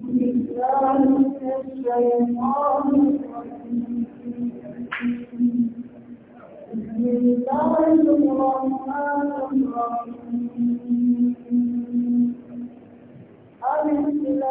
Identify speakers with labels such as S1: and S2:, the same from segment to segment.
S1: Allah'ın izniyle, Allah'ın izniyle, Allah'ın izniyle,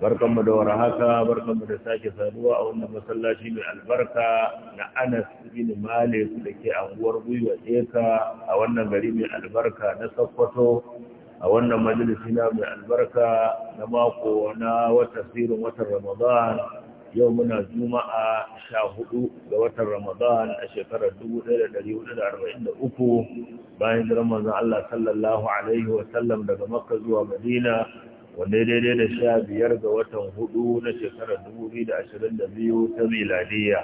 S2: barkanmu da war haka barkanmu da sake saduwa a wannan masallaci mai albarka na Anas bin Malik da ke anguwar Gwiwa Eka a wannan gari mai albarka na sakkwato a wannan majalisi na mai albarka na mako na wata sirin watan Ramadan yau muna juma'a sha hudu ga watan Ramadan a shekarar uku. bayan jiran manzon Allah sallallahu alaihi wa sallam daga Makka zuwa Madina wanda daidai da sha biyar ga watan hudu na shekarar dubu biyu da ashirin da biyu ta miladiya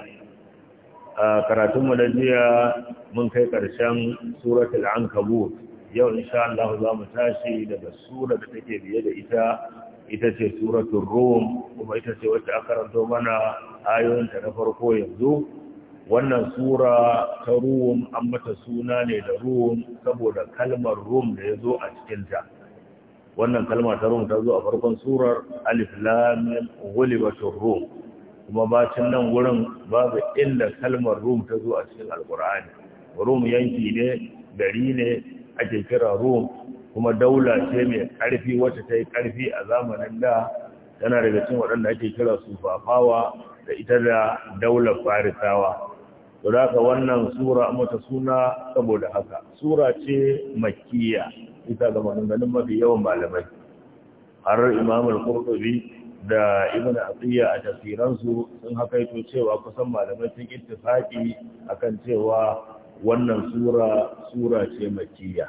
S2: a karatunmu na jiya mun kai ƙarshen suratul ankabut yau sha Allah za mu tashi daga sura da take biye da ita ita ce suratul rum kuma ita ce wacce aka karanto mana ta na farko yanzu wannan sura ta rum an mata suna ne da rum saboda kalmar rum da ya zo a cikinta wannan kalma ta rum ta zo a farkon surar alif lam mim ghulibatur rum kuma bacin nan wurin babu illa kalmar rum ta zo a cikin alqur'ani rum yanki ne dari ne ake kira rum kuma daula ce mai karfi wacce ta yi karfi a zamanin da tana daga cikin waɗanda ake kira sufafawa da ita da daula farisawa to da wannan sura mata suna saboda haka sura ce makkiya ita ga maganganun mafi yawan malamai har imam al da ibn atiyya a tafsiransu sun hakaito cewa kusan malamai sun ittifaqi akan cewa wannan sura sura ce makkiya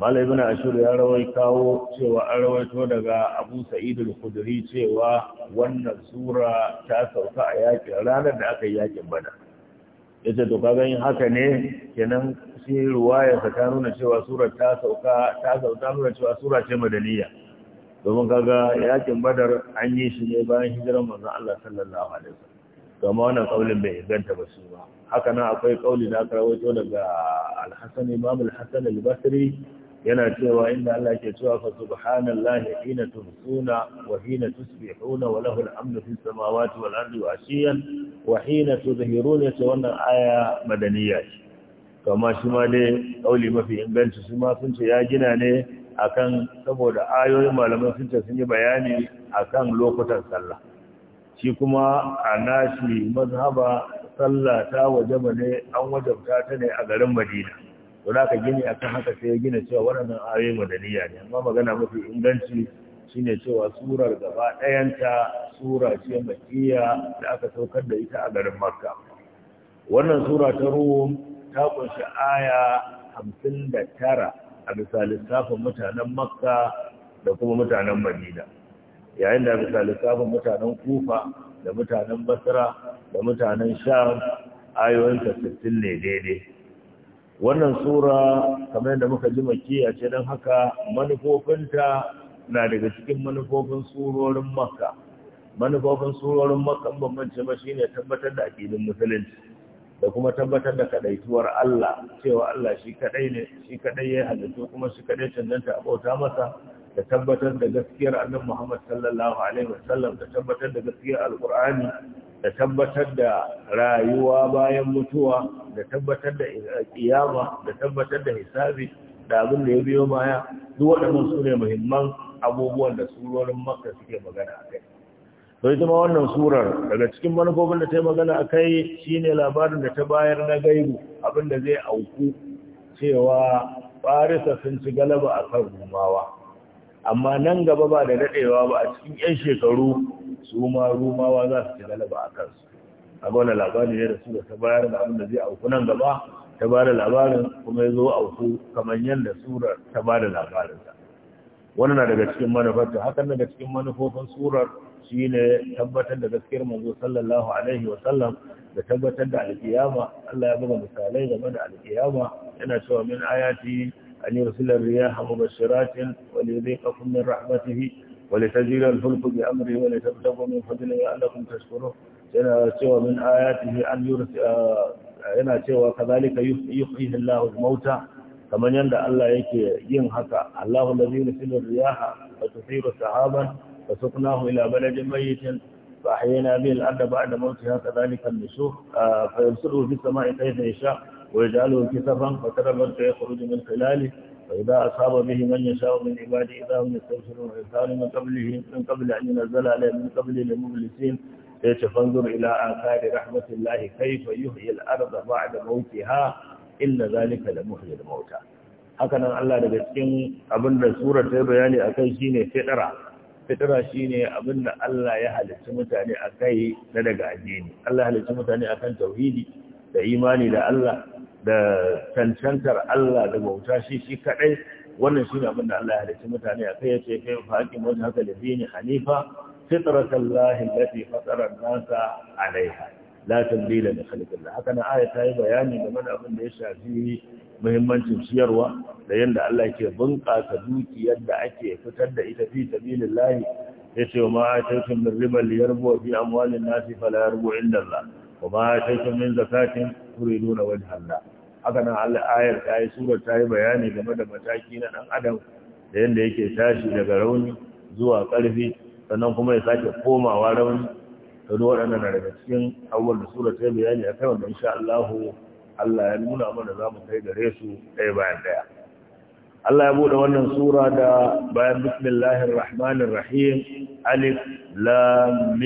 S2: malai ibn ashur ya rawai kawo cewa an rawaito daga abu sa'id al-khudri cewa wannan sura ta sauka a yakin ranar da aka yi yakin bada yace to kaga in haka ne kenan ce ruwayarsa ta nuna cewa sura ta sauka ta sauka nuna cewa sura ce madaniya domin kaga yakin badar an yi shi ne bayan hijirar manzo Allah sallallahu alaihi wasallam kuma wannan kaulin bai inganta ba shi ba haka nan akwai kauli da aka rawaito daga al-Hasan Imam al-Hasan al-Basri yana cewa inda Allah ke cewa fa subhanallahi hina tumsuna wa hina tusbihuna wa lahu al-amru fis samawati wal ardi wa ashiyan wa hina tudhhiruna wannan aya madaniya kama shi ma dai ƙauli mafi inganci su ma sun ce ya gina ne a kan saboda ayoyin malaman sun ce sun yi bayani akan lokutan sallah shi kuma a nashi mazhaba sallah ta wajaba ne an wajabta ta ne a garin madina to da ka gini akan haka sai ya gina cewa waɗannan ayoyin madaniya ne amma magana mafi inganci shine cewa surar gaba ɗayanta sura ce makiya da aka saukar da ita a garin makka wannan sura ta ruwa. ta kunshi aya hamsin da tara a bisa lissafin mutanen makka da kuma mutanen madina yayin da bisa lissafin mutanen kufa da mutanen basra da mutanen sham ayoyinta sittin ne daidai wannan sura kamar yadda muka ji ma ce don haka manufofinta na daga cikin manufofin surorin makka manufofin surorin makka bambance ba shine tabbatar da aƙidin musulunci da kuma tabbatar da kadaituwar Allah cewa Allah shi kadai ne shi kadai ya halittu kuma shi kadai cancanta a bauta masa da tabbatar da gaskiyar annabi Muhammad sallallahu alaihi wasallam da tabbatar da gaskiyar alqur'ani da tabbatar da rayuwa bayan mutuwa da tabbatar da kiyama da tabbatar da hisabi da abin da ya biyo baya duk waɗannan sune ne muhimman abubuwan da surorin makka suke magana a kai sai kuma wannan surar daga cikin manufofin da ta yi magana a kai shi ne labarin da ta bayar na gaibu abinda zai auku cewa farisa sun ci galaba a kan rumawa amma nan gaba ba da daɗewa ba a cikin 'yan shekaru su ma rumawa za su ci galaba a kansu a gwada labarin ne da su da ta bayar da abinda zai auku nan gaba ta ba da labarin kuma ya zo auku kamar yadda surar ta ba da labarinsa wannan daga cikin manufarta hakan daga cikin manufofin surar Shi ne tabbatar da gaskiyar manzo sallallahu alaihi wa sallam da tabbatar da alkiyama Allah ya buga misalai game da alkiyama yana cewa min ayati an yursila riyaha mubashiratin wa liyudhiqakum min rahmatihi wa litajrila al-fulku bi amri wa litabtaghu min fadlihi la'allakum tashkuru yana cewa min ayatihi an yursila yana cewa kazalika yuhyihi Allahu al-mauta kamar yanda Allah yake yin haka Allahu allazi yursilu riyaha wa tuthiru sahaban فسقناه إلى بلد ميت فأحيينا به الأرض بعد موتها كذلك النشوف فيرسله في السماء كيف يشاء ويجعله كسفا فترى البرق يخرج من خلاله فإذا أصاب به من يشاء من عباده إذا هم يستبشرون ويسألون من قبله من قبل أن ينزل عليه من قبل لمبلسين فانظر إلى آثار رحمة الله كيف يحيي الأرض بعد موتها إن ذلك لمحيي الموتى hakanan Allah daga cikin abin da surar ta bayani akan shine fitra fitira shine abin da Allah ya halicci mutane a kai na daga addini Allah ya halicci mutane a kan tauhidi da imani da Allah da cancantar Allah da bauta shi shi kaɗai wannan shi ne abin da Allah ya halicci mutane a kai ya ce kai fa haƙi mun haka da dini hanifa fitrat Allah allati fatara an-nasa alaiha la tabdila li khalqillah haka na aya ta yi bayani game da abin da ya shafi muhimmancin ciyarwa da yadda Allah ke bunƙasa dukiyar da ake fitar da ita fi ya ce, wa ma ataytum min riba liyarbu fi amwalin nasi fala yarbu inda Allah wa ma ataytum min zakatin nuna wani Allah haka nan Allah ayar ta yi sura ta yi bayani game da mataki na ɗan adam da yadda yake tashi daga rauni zuwa ƙarfi sannan kuma ya sake komawa rauni Ta duk daga cikin abubuwan da sura ta yi bayani akan wanda insha Allah Allah ya nuna mana za mu kai gare su ɗaya bayan ɗaya Allah ya buɗe wannan sura da bayan bismillahir rahmanir rahim alif lam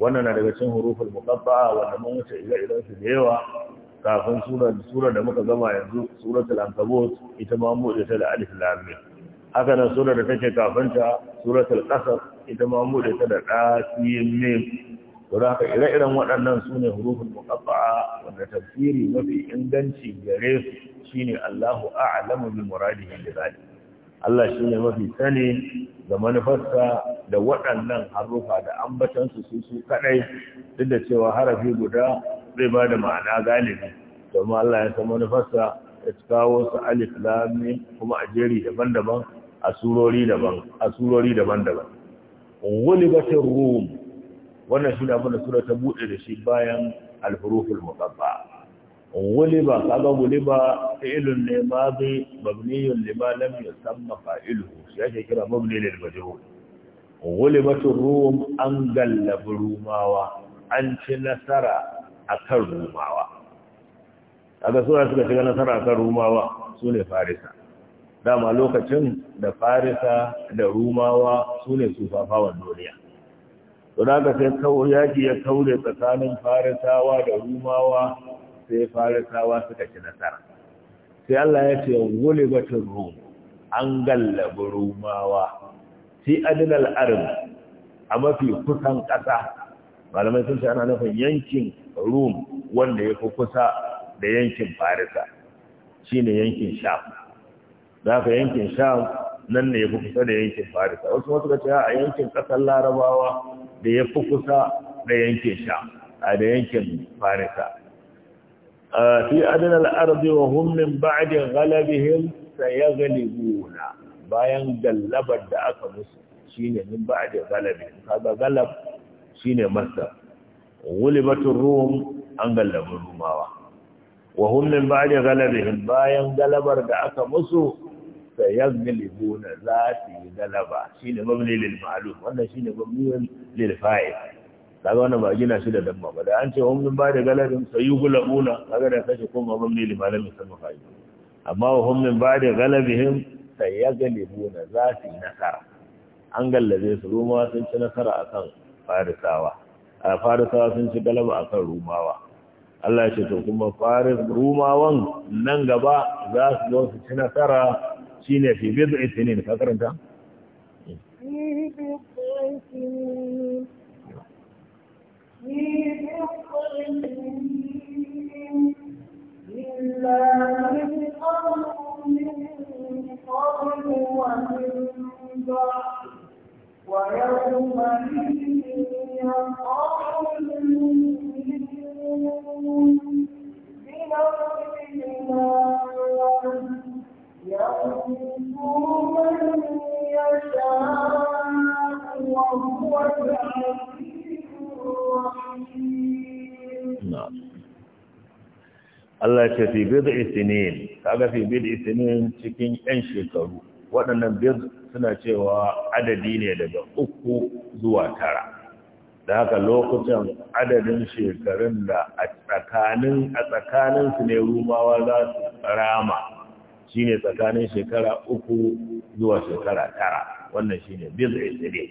S2: wannan na daga cikin hurufar muqatta'a wanda mun wuce ila idan su da yawa kafin sura da muka gama yanzu suratul ankabut ita ma mu ta da alif lam haka nan surar da take kafinta, ta suratul qasas ita ma da ta da mim don haka ire-iren waɗannan su ne hurufin muƙafa'a wanda tafsiri mafi inganci gare su shine Allahu a'lamu bi muradihi bi zalik Allah shine mafi sani da manufarsa da waɗannan harufa da ambatansu su su kaɗai, duk da cewa harafi guda zai ba da ma'ana galibi domin Allah ya san manufarsa ya kawo su alif lam kuma a jeri daban-daban a surori daban a daban-daban ghulibatir wannan shi abin da sura ta buɗe da shi bayan alhuruful muqatta ba kaga ba fi'lun ne madi mabniyun ma lam yusamma fa'iluhu shi yake kira mabni lil majhul wulibatur ruwan an gallabi rumawa an ci nasara akan rumawa kaga sura suka ci nasara akan rumawa sune farisa dama lokacin da farisa da rumawa sune fafawan duniya to da ka sai yaki ya kaure tsakanin farisawa da rumawa sai farisawa suka ci nasara sai Allah ya ce batun rum an gallabi rumawa fi adnal arab a mafi kusan ƙasa malamai sun ce ana nufin yankin rum wanda ya fi kusa da yankin farisa shine yankin sham da ka yankin sham nan ne ya fi kusa da yankin farisa wasu wasu ka ce a yankin ƙasar larabawa da ya fi kusa da yankin sha a da yankin farisa fi adana al'arzi wa hummin ba'adin gani guna, bayan gallabar da aka musu shine min ba'adin galabihim kaga galab shi ne masar gulibatun rum an gallabin rumawa wa hummin ba'adin galabihim bayan galabar da aka musu sayaglibuna za su yi galaba shine mabni lil ma'lum wannan shine mabni lil fa'il kaga wannan ba gina shi da damma ba da an ce hum ba da galabin sayuglabuna kaga da kace kuma mabni lil ma'lum sama fa'il amma hum min ba da galabihim sayaglibuna za su yi nasara an gallabe su rumawa sun ci nasara akan farisawa a farisawa sun ci galaba akan rumawa Allah ya ce to kuma faris rumawan nan gaba za su zo su ci nasara shine fi bid'i sinin ka karanta
S1: ويوم المؤمنون الله Allah
S2: ce fi bid'i isinin kaga fi bid'i isinin cikin yan shekaru waɗannan bid suna cewa adadi ne daga uku zuwa tara da haka lokacin adadin shekarun da a tsakanin a tsakanin su ne rumawa za su rama Shi ne tsakanin shekara uku zuwa shekara tara wannan shi ne bid'i sirri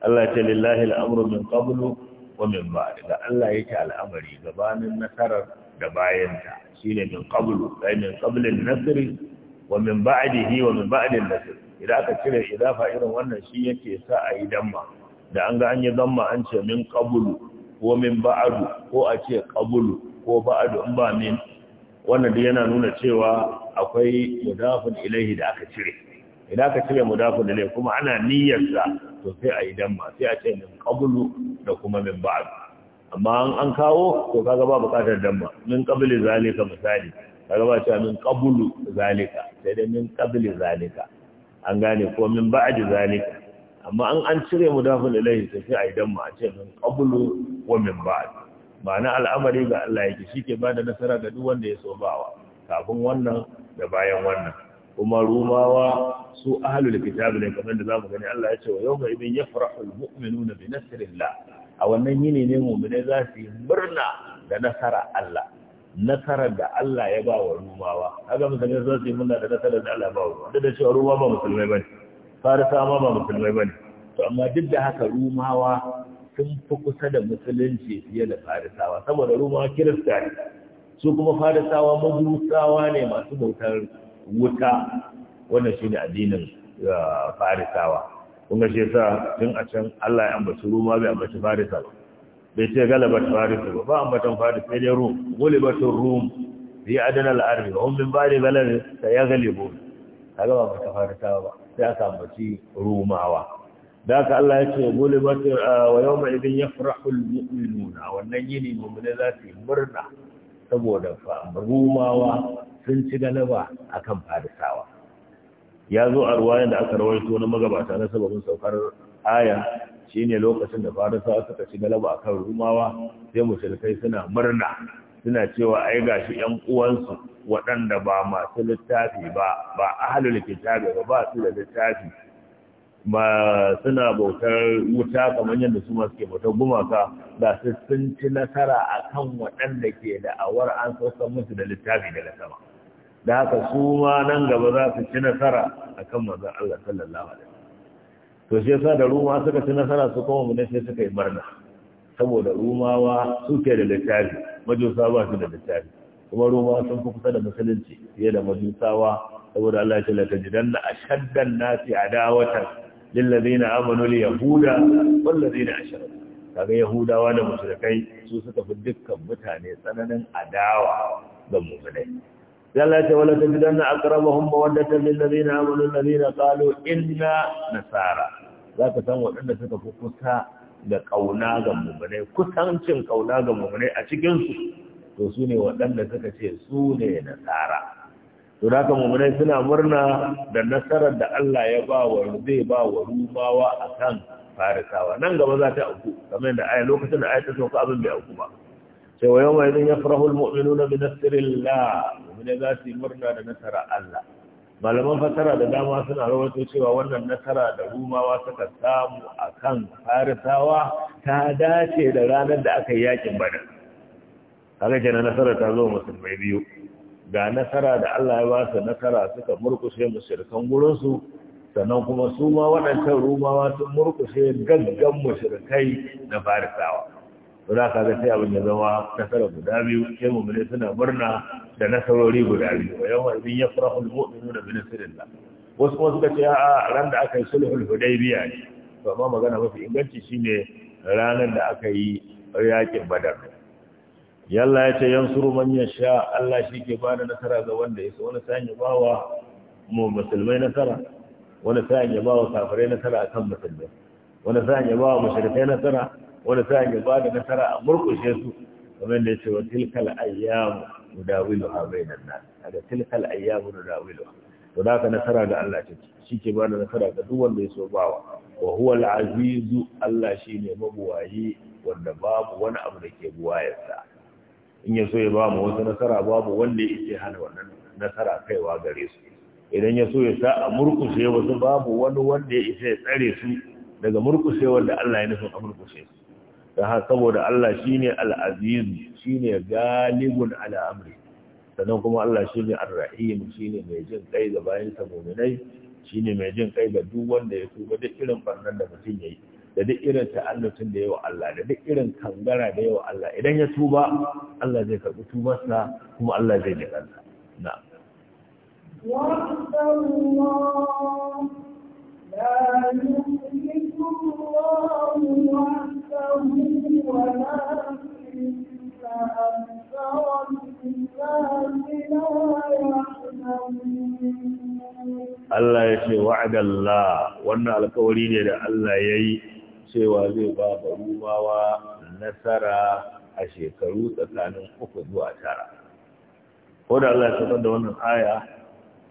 S2: Allah ce lillahi al'amru min qablu wa min ba daga Allah yake al'amari gabanin nasarar da bayanta ne min qablu ay min qabli nasiri wa min dihi wa min a din nasiri idan aka cire idafa irin wannan shi yake sa a yi damma da an ga an yi damma an ce min qablu ko min ba'du ko a ce kabulu, ko ba'du in ba min wannan da yana nuna cewa akwai mudafun ilaihi da aka cire idan aka cire mudafun ilaihi kuma ana niyyarsa to sai a yi damma sai a ce min qablu da kuma min ba'd amma an kawo to kaga ba bukatar damma min qabli zalika misali kaga ba cewa min qablu zalika sai dai min qabli zalika an gane ko min ba'd zalika amma an an cire mudafun ilaihi sai sai a yi damma a ce min qablu wa min ba'd ma'ana al'amari ga Allah yake shike bada nasara ga duk wanda ya so bawa kafin wannan da bayan wannan kuma rumawa su ahlul kitab ne kamar da zamu gani Allah ya ce wa yawma idin yafrahu na bi nasrillah a wannan yini ne mu'mine za su yi murna da nasara Allah nasarar da Allah ya ba wa rumawa kaga musulmai za su yi murna da nasarar da Allah ya ba wa duk da cewa rumawa ba musulmai bane farisawa ba musulmai bane to amma duk da haka rumawa sun fi kusa da musulunci fiye da farisawa saboda rumawa kirista ne su kuma farisawa majusawa ne masu bautar wuta wannan shine addinin ah, farisawa kun ga shi yasa tun a can Allah ya ambaci ruwa bai ambaci Farisa ba bai ce galabat Farisa ba ba ambatan Farisa sai dai Rum gulibatur Rum bi adana al-arbi hum min ba'di balad sayaghlibun kaga ba ambata Farisawa ba sai aka ambaci rumawa. da aka Allah ya ce ba gulibatur ah, wa yawma idin yafrahu al-mu'minuna wannan yini mu'mina za su murna saboda rumawa sun ci galaba akan farisawa ya zo a ruwa da aka rawaito na magabata na sababin saukar aya ne lokacin da farisawa suka ci galaba kan rumawa sai musulkai suna murna suna cewa ai ga shi 'yan uwansu waɗanda ba masu littafi ba ba ahlul kitabi ba ba su da littafi ba suna bautar wuta kamar yadda su ma suke bautar gumaka da su sun ci nasara a kan waɗanda ke da awar an saukan musu da littafi daga sama da haka su ma nan gaba za su ci nasara a kan mazan Allah sallallahu alaihi to shi yasa da ruma suka ci nasara su kuma mun sai suka yi barna saboda rumawa suke da littafi majusa ba su da littafi kuma rumawa sun fi kusa da musulunci fiye da majusawa saboda Allah ya ce la tajidanna ashaddan nasi a adawatan lillazina amanu li yahuda wallazina ashraku kaga yahudawa da mushrikai su suka fi dukkan mutane tsananin adawa ga mu'minai Allah ce wala tajidanna aqrabahum mawaddatan lil ladina amanu alladina qalu inna nasara zaka san wadanda suka fi kusa da kauna ga mu'minai kusancin kauna ga mu'minai a cikin su to su ne waɗanda suka ce su ne nasara to da mummunai suna murna da nasarar da Allah ya ba wa zai ba wa rumawa a kan farisawa nan gaba za ta auku kamar yadda aya lokacin da aya ta sauka abin bai auku ba sai wa yau mai zin ya almu'minuna bi nasrillah mummunai za su yi murna da nasara Allah malaman fasara da dama suna rawato cewa wannan nasara da rumawa suka samu a kan farisawa ta dace da ranar da aka yi yakin bada kaga kenan nasarar ta zo musulmai biyu ga nasara da Allah ya ba su nasara suka murkushe gurin gurinsu sannan kuma su ma waɗancan rumawa sun murkushe gaggan musirikai na farisawa za ka ga sai abin da zama nasara guda biyu sai mummune suna murna da nasarori guda biyu wa yawan bin ya fara hulmu'minu da bin wasu kuma suka ce a ran da aka yi sulhul biya ne to amma magana mafi inganci shine ranar da aka yi yaƙin badar yalla ya ce yansuru man yasha Allah shi ke ba da nasara ga wanda ya so wani sa'in ya ba wa mu musulmai nasara wani sa'in ya ba wa kafirai nasara akan musulmai wani sa'in ya ba wa mushrikai nasara wani sa'in ya ba da nasara a murkushe su kamar da ya ce wa tilkal ayyamu bai bainan nas daga tilkal ayyamu nudawiluha to da ka nasara ga Allah take shi ke ba da nasara ga duk wanda ya so bawa wa huwa al-azizu Allah shi ne mabuwayi wanda babu wani abu da ke buwayarsa in ya so ya ba mu wasu nasara babu wanda ya ce hana wannan nasara kaiwa gare su idan ya so ya sa a murkushe wasu babu wani wanda ya isa ya tsare su daga murkushe wanda Allah ya nufin a murkushe su da haka saboda Allah shine al-aziz shine galibun ala amri sannan kuma Allah shine ar-rahim shine mai jin kai ga bayan sa mu'minai shine mai jin kai ga duk wanda ya tuba duk irin farnan da mutum yayi da duk irin ta'allutun da yawa Allah da duk irin kangara da yawa Allah idan ya tuba Allah zai karɓi tubarsa kuma Allah zai ji kansa na'am Allah ya ce wa'adallah wannan alkawari ne da Allah ya yi cewa zai ba ba rumawa nasara a shekaru tsakanin uku zuwa tara ko da Allah ya sanar da wannan aya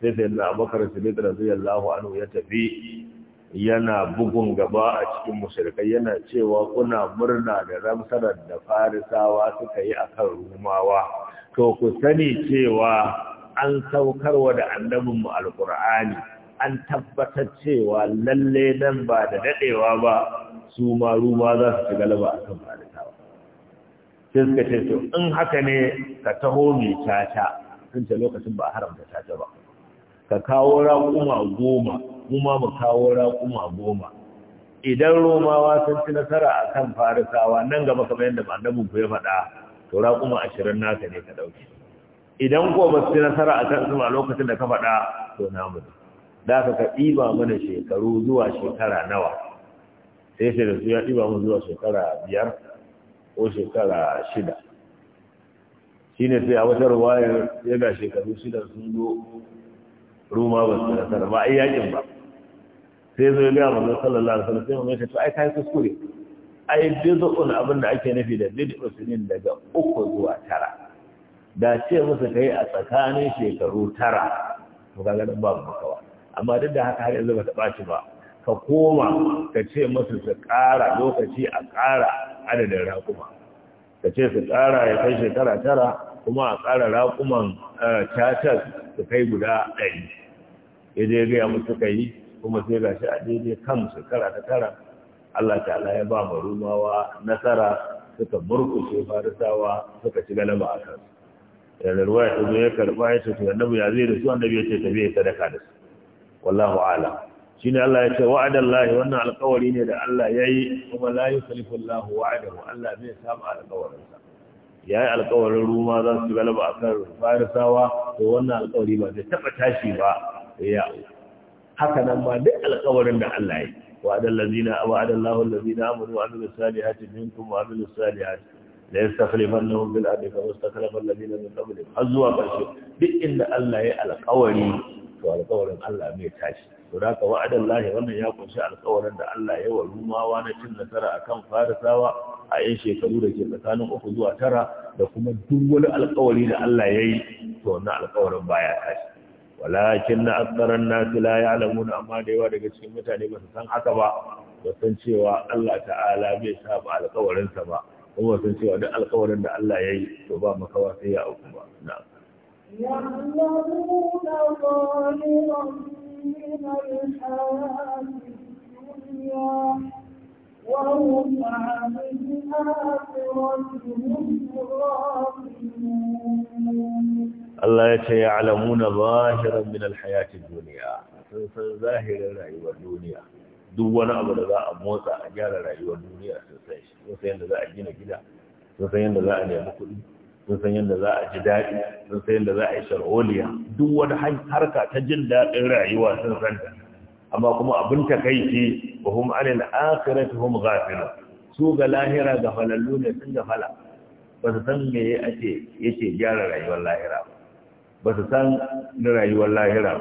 S2: sai sai da abakar siddiq radiyallahu anhu ya tafi yana bugun gaba a cikin mushrikai yana cewa kuna murna da ramsarar da farisawa suka yi akan rumawa to ku sani cewa an saukarwa da annabinmu alkur'ani an tabbatar cewa lalle nan ba da dadewa ba su ma ruma za su ci galaba a kan farisawa. sai suka ce to in haka ne ka taho mai caca sun ce lokacin ba a haramta caca ba ka kawo raƙuma goma kuma mu kawo raƙuma goma idan romawa sun ci nasara a kan farisawa nan gaba kamar yadda annabin ku ya faɗa to raƙuma ashirin naka ne ka ɗauki idan ko ba su ci nasara a kan a lokacin da ka faɗa to namu da ka ka ɗiba mana shekaru zuwa shekara nawa sai da su ya ɗiba mu zuwa shekara biyar ko shekara shida shi ne sai a wata ruwaya ya ga shekaru shida sun zo ruma ba su nasara ba a yakin ba sai zo ya gaya zai sallallahu alaihi wasallam sai mu ce to ai kai kuskure ai bid'un abin da ake nufi da bid usulin daga uku zuwa tara da ce musu kai a tsakanin shekaru tara to kaga nan babu makawa amma duk da haka har yanzu ba ta ɓaci ba ka koma ka ce masu su ƙara lokaci a ƙara adadin raƙuma ka ce su ƙara ya kai shekara tara kuma a ƙara raƙuman eh, cacar su kai guda ɗari ya je gaya musu suka yi kuma sai ga shi a daidai kan shekara ta tara Allah ta'ala ya ba mu rumawa nasara suka murkushe farisawa suka ci galaba a kansu yanzu ruwa ya zo ya karɓa ya ce to annabi ya zai da su annabi ya ce tafiya sadaka da su wallahu a'lam shine Allah ya ce wa'adallahi wannan alƙawari ne da Allah yayi kuma la yukhlifu Allah wa'adahu Allah zai saba Ya yayi alƙawarin ruma za su galaba akan farisawa to wannan alƙawari ba zai taba tashi ba ya haka nan ma duk alƙawarin da Allah yayi wa'adallazina wa'adallahu allazina amanu wa amilus salihati minkum wa amilus salihati la yastakhlifannahum fil ardi kama istakhlafa allazina min qablihim har zuwa ƙarshe duk inda Allah yayi alƙawari to alƙawarin Allah bai tashi Kuda da ka wa'adan lahi wannan ya kunshi alkawarin da Allah ya wa rumawa na cin nasara akan farisawa a yan shekaru da ke tsakanin uku zuwa tara da kuma duk wani alkawari da Allah ya yi to wannan alkawarin baya tashi walakin na aksaran nasi la ya'lamuna amma da yawa daga cikin mutane ba su san haka ba ba san cewa Allah ta'ala bai saba alkawarinsa ba kuma san cewa duk alkawarin da Allah ya yi to ba makawa sai ya
S1: auku ba na'am من الحياة وهم عن الآخرة هم Allah ya ce ya
S2: alamuna zahiran min alhayatin duniya sun san zahirin rayuwar duniya duk wani abu da za a motsa a gyara rayuwar duniya sun san shi sun san yadda za a gina gida sun san yadda za a nemi kuɗi sun san yadda za a ji daɗi sun san yadda za a yi sharholiya duk wani harka ta jin daɗin rayuwa sun san da amma kuma abin takaici ba hum anil akhirati hum ghafilun su ga lahira ga falallu ne sun gafala ba su san me yake gyara rayuwar lahira ba su san na rayuwar lahira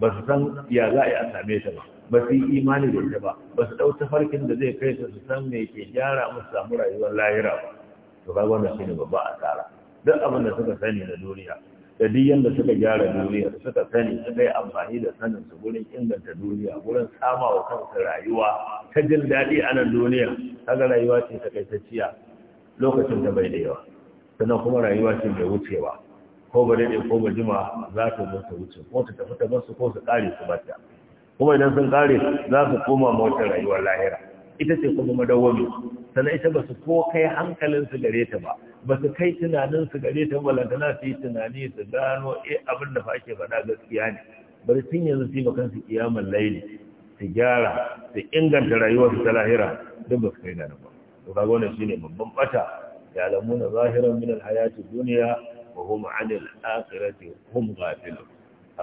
S2: ba su san ya za a yi a same ta ba ba su yi imani da ita ba ba su ɗau tafarkin da zai kai su san me ke gyara musu samu rayuwar lahira ba to ga wannan shine a tsara. duk abin da suka sani na duniya da duk yanda suka gyara duniya suka sani suka yi amfani da sanin su gurin inganta duniya gurin sama wa kansu rayuwa ta jin daɗi a nan duniya kaga rayuwa ce ta kai ta ciya lokacin da bai da yawa sannan kuma rayuwa ce mai wucewa ko ba daɗe ko ba jima za ta zo ta wuce ko ta tafi ta basu ko su ƙare su bata kuma idan sun kare za su koma motar rayuwar lahira ita ce kuma madawwami Sana ita ba su ko kai hankalinsu gare ta ba ba su kai tunaninsu gare ta ba lantana su yi tunani su gano e abin da fa ake faɗa gaskiya ne bari sun yanzu su yi makan su kiyamar laili su gyara su inganta rayuwarsu ta lahira don ba su kai gani ba to kaga wannan shine babban bata ya lamuna zahiran min alhayati dunya wa hum anil akhirati hum ghafilun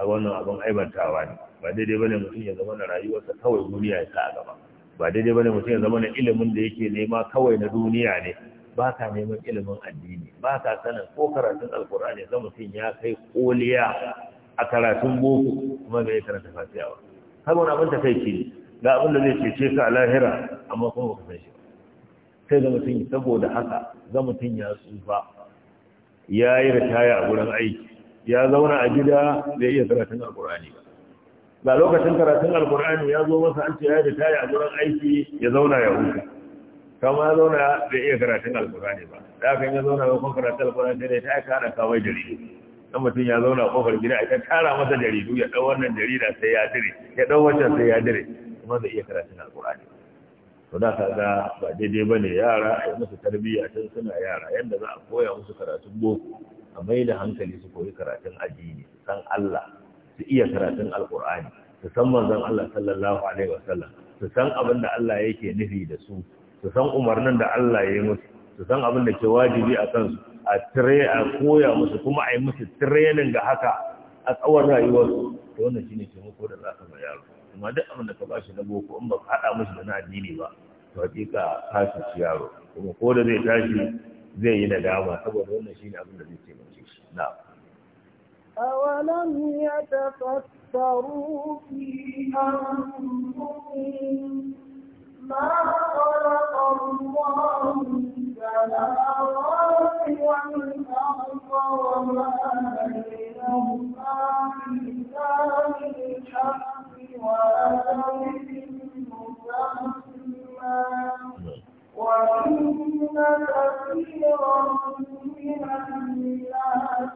S2: a wannan abin aibantawa ne ba daidai bane mutum ya zama na rayuwarsa kawai duniya ya sa a gaba ba daidai bane mutum ya zama na ilimin da yake nema kawai na duniya ne ba ka neman ilimin addini ba ka sanin ko karatun alkur'ani zan mutum ya kai koliya a karatun boko kuma bai karanta fatiha ba kaga wani abin ta kai ne ga abin da zai cece ka a lahira amma kuma ka san shi sai ga mutum saboda haka ga mutum ya tsufa ya yi ritaya a gurin aiki ya zauna a gida bai iya karatun alkur'ani Ba lokacin karatun alkur'ani ya zo masa an ce ya tayi a gurin aiki ya zauna ya huta kama ya zauna bai iya karatun alkur'ani ba da haka ya zauna bakon karatun alkur'ani sai dai ta aka haɗa kawai jaridu dan mutum ya zauna a kofar gida ita tara masa jaridu ya ɗau wannan jarida sai ya dire ya ɗau wancan sai ya dire kuma zai iya karatun alkur'ani to da ka ga ba daidai ba ne yara a yi musu tarbiyya tun suna yara yadda za a koya musu karatun boko a mai da hankali su koyi karatun addini san Allah su iya karatun alkur'ani su san manzon Allah sallallahu alaihi wasallam su san abin da Allah yake nufi da su su san umarnin da Allah ya yi musu su san abin da ke wajibi a su a tire a koya musu kuma a yi musu training ga haka a tsawon rayuwarsu to wannan shine taimako da za ka ma yaro amma duk abin da ka bashi na boko in ba ka hada musu da na addini ba to hakika ka ci yaro kuma ko da zai tashi zai yi nadama saboda wannan shine abin da zai mun shi na'am
S1: أولم يتفكروا في أنفسهم ما خلق الله السماوات والأرض وما بينهما إلا بالحق وأجل مسمى وإن كثيرا من الناس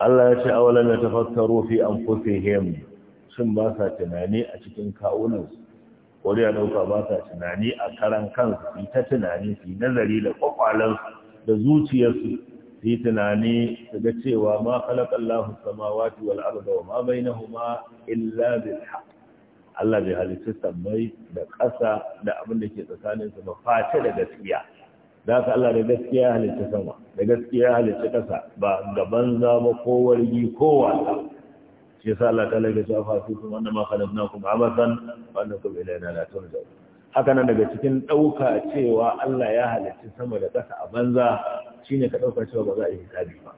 S2: Allah ya ce awalan da tafakkaru fi anfusihim shin ba sa tunani a cikin kawunansu wani ya dauka ba sa tunani a karan kansu su ta tunani su nazari da kwakwalansu da zuciyarsu su tunani su ga cewa ma khalaqa Allahu samawati wal wa ma huma illa bil Allah bai halitta sammai da ƙasa da abin da ke tsakanin su ba face da gaskiya da haka Allah da gaskiya halitta sama da gaskiya halitta ƙasa ba gaban za ba ko wargi ko wasa shi yasa Allah ta lagace a fasikum wannan ma amasan abathan wa annakum na la da haka nan daga cikin ɗauka cewa Allah ya halitta sama da ƙasa a banza shine ka ɗauka cewa ba za a yi hisabi ba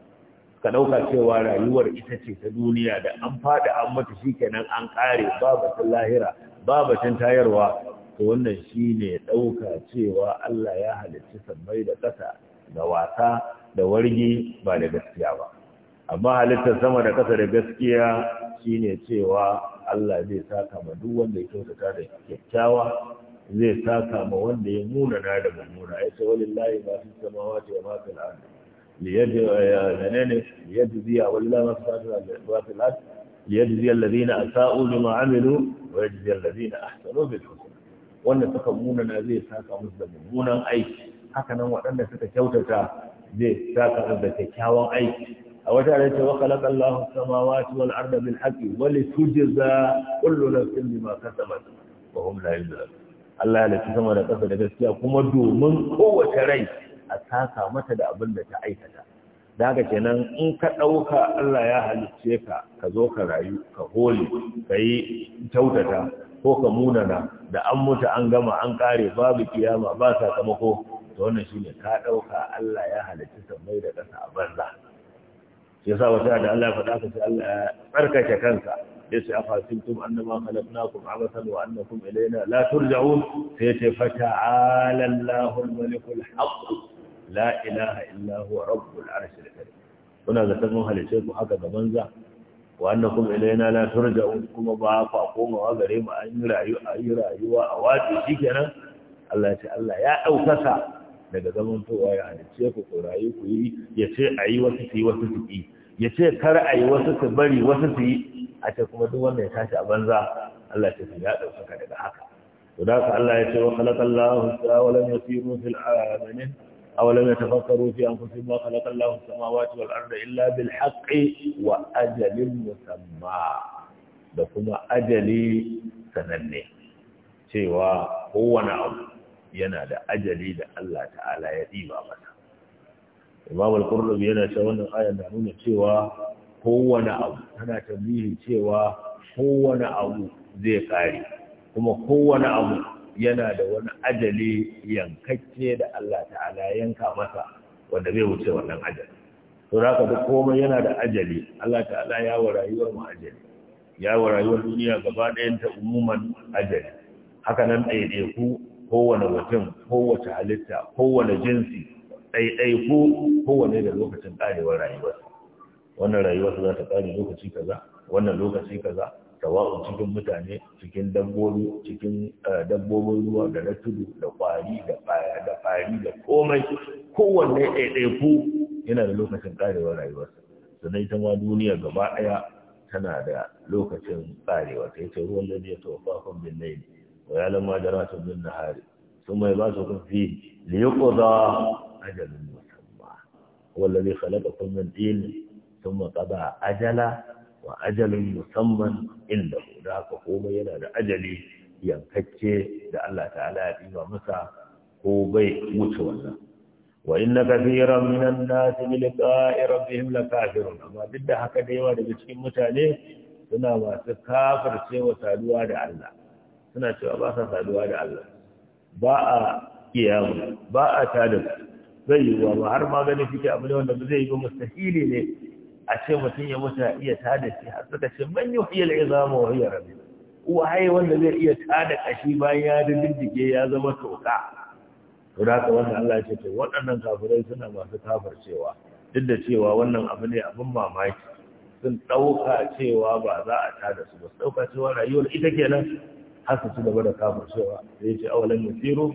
S2: ka ɗauka cewa rayuwar ita ce ta duniya da an faɗi an mata shi kenan an ƙare babu ta lahira babu tayarwa to wannan shi ne ɗauka cewa Allah ya halicci sammai da ƙasa da wasa da wargi ba da gaskiya ba amma halittar sama da ƙasa da gaskiya shine cewa Allah zai saka ma duk wanda ya kyautata da kyakkyawa zai saka ma wanda ya munana da mummuna ya ce walillahi masu fi samawa wa ma fil ليجزي ولله ما في ليجزي الذين أساءوا بما عملوا ويجزي الذين أحسنوا بالحسنى wanda suka munana zai saka musu da mummunan aiki haka nan waɗanda suka kyautata zai saka da kyakkyawan aiki a wata da ce wa khalaqa Allahu samawati wal arda bil haqqi wa li tujza kullu nafsin bima kasabat wa hum la yuzlamun Allah ya lafi sama da ƙasa da gaskiya kuma domin kowace rai a saka mata da abin da ta aikata daga kenan in ka ɗauka Allah ya halicce ka ka zo ka rayu ka hole ka yi kyautata ko ka munana da an mutu an gama an kare babu kiyama ba sakamako to wannan shine ka ɗauka Allah ya halicce sammai da ƙasa a banza shi yasa wata da Allah ya faɗa ka sai Allah ya tsarkake kanka fasin afasibtum annama khalaqnakum abathan wa annakum ilayna la turja'un sai ce fata'ala Allahul malikul haqq la ilaha illa huwa rabbul arshil karim kuna ga mun halice ku haka ga banza wa annakum ilaina la turja'un kuma ba ku komawa gare mu an yi rayuwa a wadi shikenan Allah ce Allah ya daukaka daga zaman towa ya halice ku ku rayu ku yi Ya yace ayi wasu su yi wasu su yi Ya ce kar a yi wasu su bari wasu su yi a ce kuma duk wanda ya tashi a banza Allah ce ya ɗaukaka daga haka to Allah ya ce wa khalaqallahu ta'ala lam yasiru fil alamin أولم يتفكروا في أنفسهم ما خلق الله السماوات illa إلا wa ajalin مسمى da kuma ajali sananne cewa kowane abu yana da ajali da Allah ta'ala ya ɗiba masa imam al yana cewa wannan ayar da nuna cewa kowane abu tana tabbihi cewa kowane abu zai ƙare kuma kowane abu yana da wani ajali yankacce da Allah ta'ala yanka masa wanda zai wuce wannan ajali to haka duk komai yana da ajali Allah ta'ala ya wa rayuwar mu ajali ya wa rayuwar duniya gaba ɗayan ta umuman ajali haka nan ɗaiɗaiku kowane mutum kowace halitta kowane jinsi ɗaiɗaiku kowane da lokacin ƙarewar rayuwarsa wannan rayuwar za ta ƙare lokaci kaza wannan lokaci kaza sawa'un cikin mutane cikin dabbobi cikin eh, dabbobin ruwa da na tudu da kwari da baya da fari da komai kowanne ku yana da lokacin ƙarewar rayuwar sannan ita ma duniya gaba ɗaya tana da lokacin ƙarewa ta yace ruwan da zai tofa kun bin laili wa ya lamma da ratun bin nahari sun mai ba su kun fi liyuqda ajalun musamma wallazi khalaqakum min thumma qada ajala wa ajalin musamman inda da haka komai yana da ajali yankacce da Allah ta'ala ya ɗiba masa ko bai wuce wannan wa inna kathiran minan nasi bi liqa'i rabbihim lakafirun amma duk da haka da yawa daga cikin mutane suna masu kafirce cewa saduwa da Allah suna cewa ba sa saduwa da Allah ba a kiyamu ba a tada zai yi wa har ma gani fike abu ne wanda ba zai yi ba mustahili ne a ce mutum ya mutu iya tada shi har suka ce man yuhyi al'izama wa hiya rabi waye wanda zai iya tada kashi bayan ya bindige ya zama toka
S1: to da haka wanda Allah
S2: ce ce waɗannan kafirai suna masu kafar cewa, duk da cewa wannan abu ne abin mamaki sun ɗauka cewa ba za a tada su ba su ɗauka cewa rayuwar ita kenan har su ci gaba da kafircewa da ya ce awalan yasiru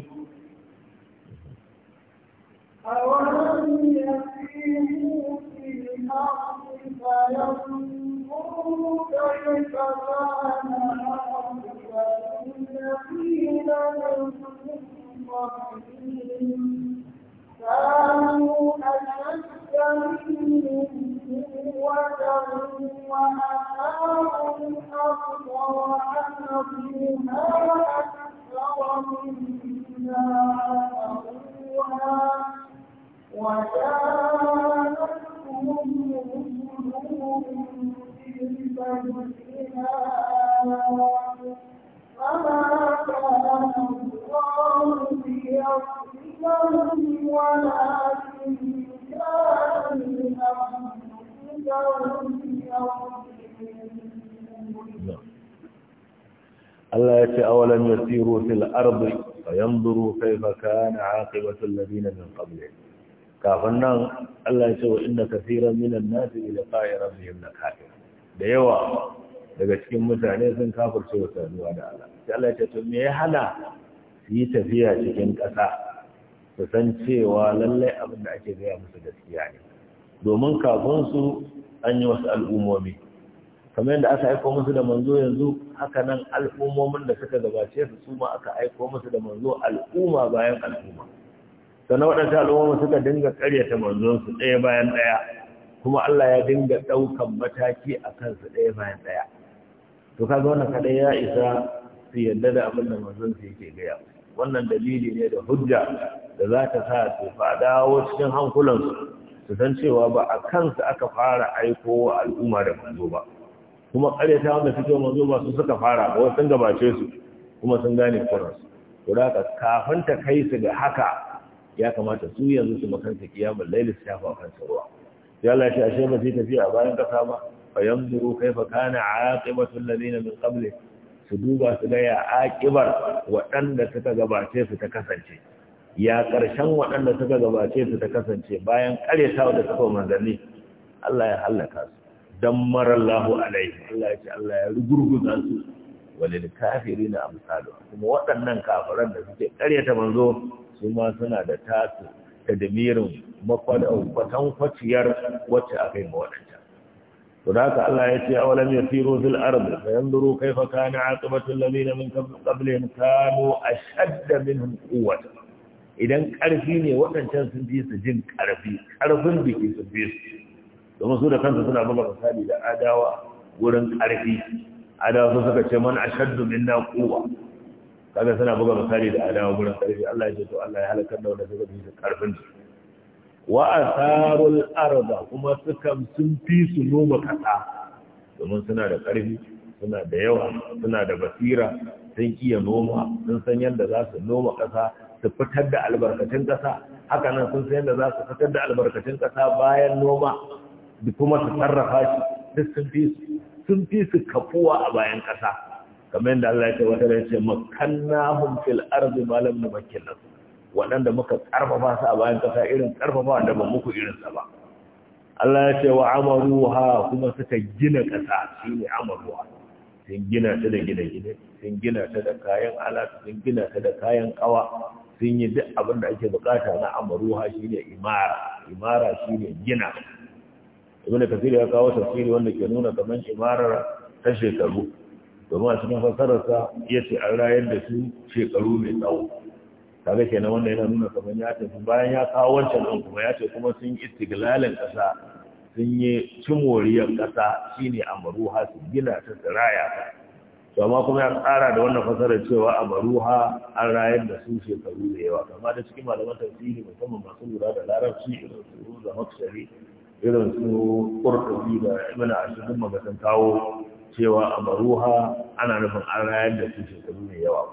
S1: أولم يسيروا في الأرض ينظروا كيف كان الذين من قبلهم كانوا أشد منهم قوة وأثاروا الأرض وأنفوها أكثر مما أثروها وكانت
S2: Allah ya ce arbi a fil ardi fayanzuru kayfa kana aqibatu alladhina min qablihim kafin nan Allah ya ce wa inna kaseeran minan nasi ila qa'i rabbihim lakafir da yawa daga cikin mutane sun kafirce wa saduwa da Allah sai Allah ya ce to me ya hana su yi tafiya cikin ƙasa su san cewa lallai abin da ake gaya musu gaskiya ne domin kafin su an yi wasu al'ummomi kamar yadda aka aiko musu da manzo yanzu haka nan al'ummomin da suka gabace su su ma aka aiko musu da manzo al'umma bayan al'umma sannan waɗanda al'umma suka dinga ƙaryata manzonsu ɗaya bayan ɗaya kuma Allah ya dinga ɗaukan mataki a kansu ɗaya bayan ɗaya to kaga wannan kaɗai ya isa su yarda da abin da manzonsu yake gaya wannan dalili ne da hujja da za ta sa su faɗawo cikin hankulansu su san cewa ba a kansu aka fara aiko wa al'umma da manzo ba kuma ƙaryata wanda fito mazo ba su suka fara ba wasu gabace su kuma sun gane kuransu to ka kafin ta kai su ga haka ya kamata su yanzu su makanta kiyamar lailis su fa kan ruwa ya Allah shi ashe ba zai tafi a bayan kasa ba fa kai fa kana aqibatu alladhina min qabli su duba su ga ya aqibar waɗanda suka gabace su ta kasance ya ƙarshen waɗanda suka gabace su ta kasance bayan ƙaryata da suka manzanni Allah ya hallaka su دمر الله alaihi Allah ya ce Allah ya rugurguza su walil kafirina amsalu kuma waɗannan da suke ƙaryata manzo su ma suna da tasu da damirin makwatan kwaciyar wacce akai ma mawaɗanta to da haka Allah ya ce awalam yasiru fil ard fa yanduru kayfa kana aqibatu alladhina min qablihim kanu ashadd minhum quwwatan idan karfi ne waɗancan sun fi su jin karfi karfin biki su fi su domin su da kansu suna buga misali da adawa wurin ƙarfi adawa su suka ce man ashaddu na kowa. kaga suna buga misali da adawa wurin ƙarfi Allah ya ce to Allah ya halakar da wanda suka fi su ƙarfin su wa asarul arda kuma suka sun fi su noma kasa domin suna da ƙarfi suna da yawa suna da basira sun iya noma sun san yadda za su noma kasa su fitar da albarkatun kasa haka nan sun san yadda za su fitar da albarkatun kasa bayan noma da kuma su sarrafa shi duk sun fi su sun fi su kafuwa a bayan ƙasa kamar yadda Allah ya ce wata da ce makannahum fil ardi malam na makin nasu waɗanda muka ƙarfafa su a bayan ƙasa irin ƙarfafa da ba muku irin sa ba Allah ya ce wa amaruha kuma suka gina ƙasa shi shine amaruha sun gina ta da gine-gine sun gina ta da kayan alat sun gina ta da kayan ƙawa, sun yi duk abin da ake bukata na amaruha ne imara imara shi ne gina ibn kathir ya kawo tafsiri wanda ke nuna kaman imarar ta shekaru domin a cikin ya ce an rayar da su shekaru mai tsawo kaga kenan wanda yana nuna kaman ya tafi bayan ya kawo wancan ɗin kuma ya kuma sun yi istiglalin kasa sun yi cimoriyar ƙasa shine amaruha su gina ta tsiraya ta to amma kuma ya tsara da wannan fasarar cewa amaruha an rayar da su shekaru da yawa amma da cikin malaman tafsiri musamman masu lura da larabci irin su da makshari irin su ƙurƙuri da ibn ashirin magatan kawo cewa a maruha ana nufin an rayar da su shekaru mai yawa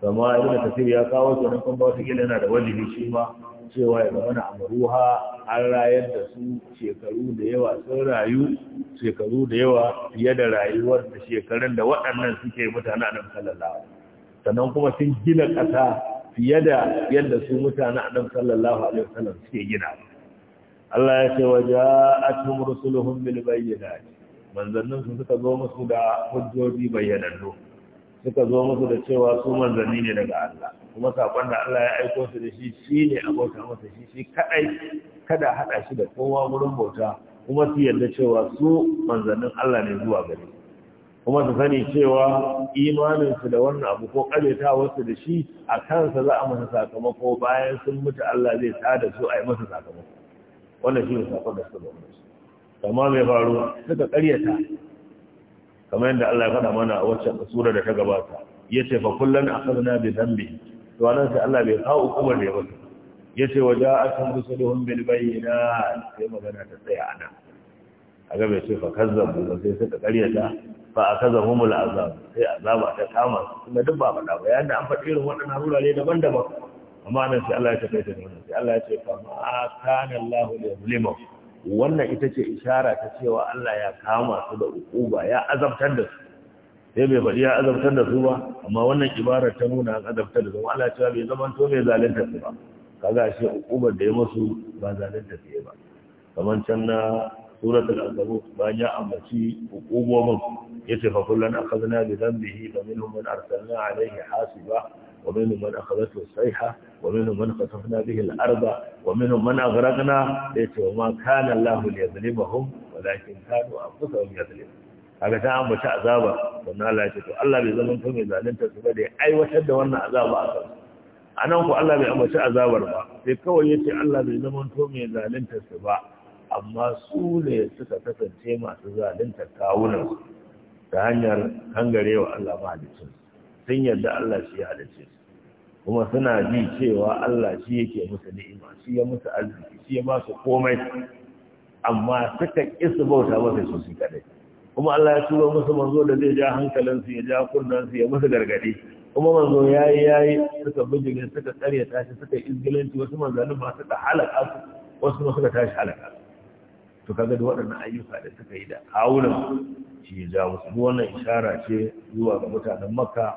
S2: kama ibn kasir ya kawo su nan kun ba su yana da wajibi shi ma cewa ya zama a maruha an rayar da su shekaru da yawa sun rayu shekaru da yawa fiye da rayuwar da shekarun da waɗannan suke mutane a nan sallallahu sannan kuma sun gina ƙasa fiye da yadda su mutane a nan sallallahu alaihi wasallam suke gina Allah ya ce waje a cikin rusuluhum bil bayyana manzannin su suka zo musu da hujjoji bayyanannu suka zo musu da cewa su manzanni ne daga Allah kuma sakon da Allah ya aiko su da shi shi a abota masa shi shi kadai kada haɗa shi da kowa wurin bauta kuma su yarda cewa su manzannin Allah ne zuwa gare kuma su sani cewa imaninsu da wannan abu ko wasu da shi a kansa za a masa sakamako bayan sun mutu Allah zai da su a yi masa sakamako wannan shi ne sakon da suka zo musu amma mai faru suka karyata kamar yadda Allah ya faɗa mana a waccan sura da ta gabata Ya ce fa kullan akhadna bi dhanbi to anan sai Allah bai kawo hukumar da ya Ya ce waje wa ja'atun rusuluhum bil bayyinat sai magana ta tsaya anan aga bai ce fa kazzabu ba sai suka karyata fa akazahumul azab sai azaba ta kama kuma duk ba faɗa ba yanda an faɗi irin waɗannan wurare daban-daban amma nan sai Allah ya tafi da wannan sai Allah ya ce fa ma kana Allah li yuzlimu wannan ita ce ishara ta cewa Allah ya kama su da ukuba ya azabtar da su sai bai bari ya azabtar da su ba amma wannan ibara ta nuna an azabtar da su Allah cewa bai zaman to mai zalunta su ba kaga shi ukubar da ya musu ba zalunta su ba kamar can na suratul al-ankabut bayan ya ambaci hukumomin yace fa kullana akhadna bi dhanbihi fa minhum man arsalna alayhi hasiba ومنهم من أخذته الصيحة ومنهم من خطفنا به الأرض ومنهم من أغرقنا ليس وما كان الله ليظلمهم ولكن كانوا أنفسهم يظلمون haka ta ambata azaba Wannan Allah ya ce to Allah bai zama to mai zalunta su ba da aiwatar da wannan azaba a kansu anan ku Allah bai ambata azabar ba sai kawai yace Allah bai zama to mai zalunta su ba amma su ne suka kasance masu zalunta kawunan ta hanyar hangarewa Allah mahaliccin sun yarda Allah shi halicce kuma suna ji cewa Allah shi yake musu ni'ima shi ya musu arziki shi ya ba su komai amma suka kisa bauta masa su su kadai kuma Allah ya tura musu manzo da zai ja su ya ja su ya musu gargadi kuma manzo yayi yayi suka bijire suka tsare tashi suka izgilanci wasu manzanni ba da halaka su wasu ma suka tashi halaka to kaga da waɗannan ayyuka da suka yi da kawunan shi ya ja musu wannan ishara ce zuwa ga mutanen makka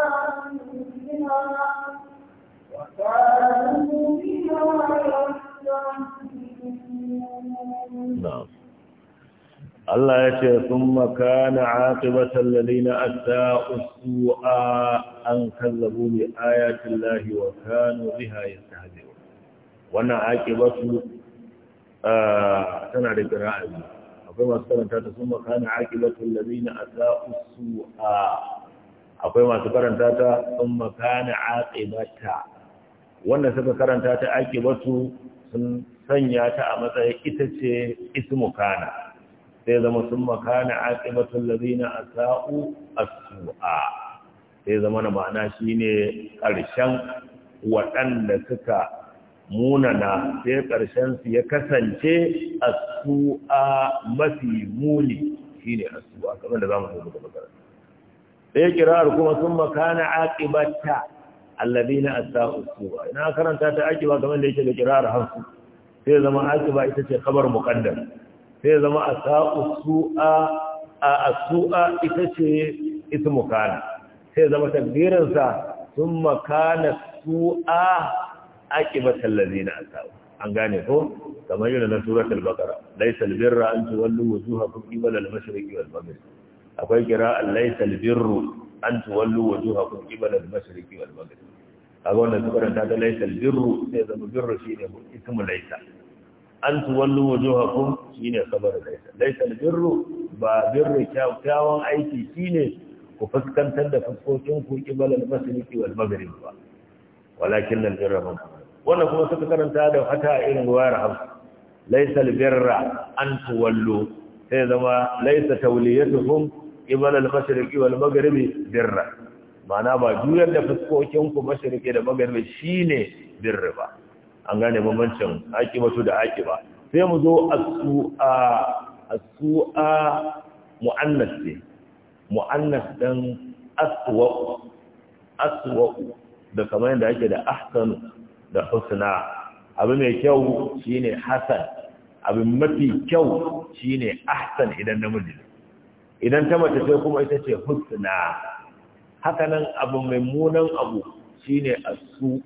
S2: Allah ya ce sun makana aqibatal na asa usu'a an kazzabu ne ayatun lahi wa kanu biha yastahzi'un wannan aqibatu tana da qira'a akwai masu karanta ta sun makana aqibatal na asa usu'a. akwai masu karanta ta sun makana aqibata wannan suka karanta ta aqibatu sun sanya ta a matsayin ita ce ismu kana sai zama sun makana lalina a asa'u a sua sai zama na ma'ana shine ƙarshen waɗanda suka munana sai ƙarshen su ya kasance a sua mafi muni shine a sua kamar da mu zo gaba karatu sai kirar kuma sun makana aqibata alladina asa'u sa’u sua ina karanta ta aqiba kamar da yake da kirar hansu sai zama aqiba ita ce kamar muqaddam sai zama a sa'usu'a a asu'a ita ce ismu mukana sai zama takdirinsa sun makana su'a a aqibatan a asau an gane ko kamar yana na suratul baqara Laisal birra an ci tuwallu wujuhakum qibala al-mashriqi wal maghrib akwai qira'a Laisal Birru an ci tuwallu wujuhakum qibala al-mashriqi wal maghrib a su karanta ta Laisal Birru, sai zama birru shi shine ismu laisa. an tuwallu wujuhakum shine kabar laisa laisa birru ba birru kyawun aiki shine ku fuskantar da fuskokin ku kibal al wal maghrib ba walakin al-birra ba wannan kuma suka karanta da hata irin wayar hausa laisa birra an tuwallu sai zama laisa tawliyatuhum kibal al-masriqi wal maghrib birra ma'ana ba juyar da fuskokin ku masriqi da maghrib shine birra ba an gane bambancin akibatu da akiba sai mu zo as-su'a mu'annas ne mu'annas dan aswa aswa da kamar yadda ake da ahsanu da husna abu mai kyau shine hasan Abin mafi kyau shine ahsan idan namiji idan ta mace sai kuma ita ce husna haka nan abu mai munan abu shine asu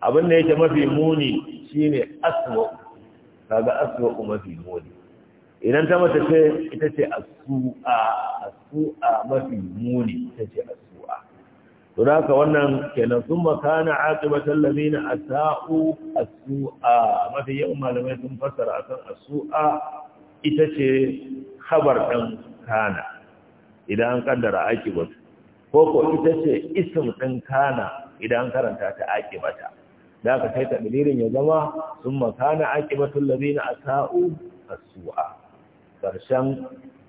S2: abin da yake mafi muni shine aswa kaga aswa mafi muni idan ta mace ce ita ce asu'a asu'a mafi muni ita ce asu'a to da haka wannan kenan sun makana aqibatal ladina asa'u asu'a mafi yawan malamai sun fassara akan asu'a ita ce khabar ɗan kana idan an kaddara aqibatu ko ko ita ce ism ɗin kana idan karanta ta aqibata da aka kai takdirin ya zama sun makana aqibatul ladina asa'u as-su'a karshen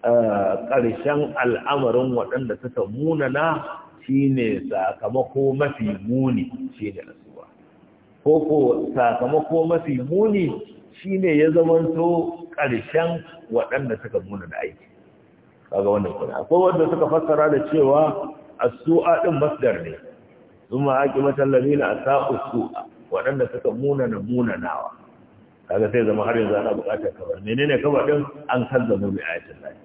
S2: eh, karshen al'amarin waɗanda suka munana shine sakamako mafi muni shine as-su'a ko ko sakamako mafi muni shine ya zamanto karshen waɗanda suka munana aiki kaga wannan kuma akwai wanda suka fassara da cewa as-su'a din masdar ne kuma aqibatan ladina asa'u as-su'a waɗanda suka munana munanawa kaga sai zama har yanzu ana buƙatar kabar menene kabar din an kazzabu bi ayatin lahi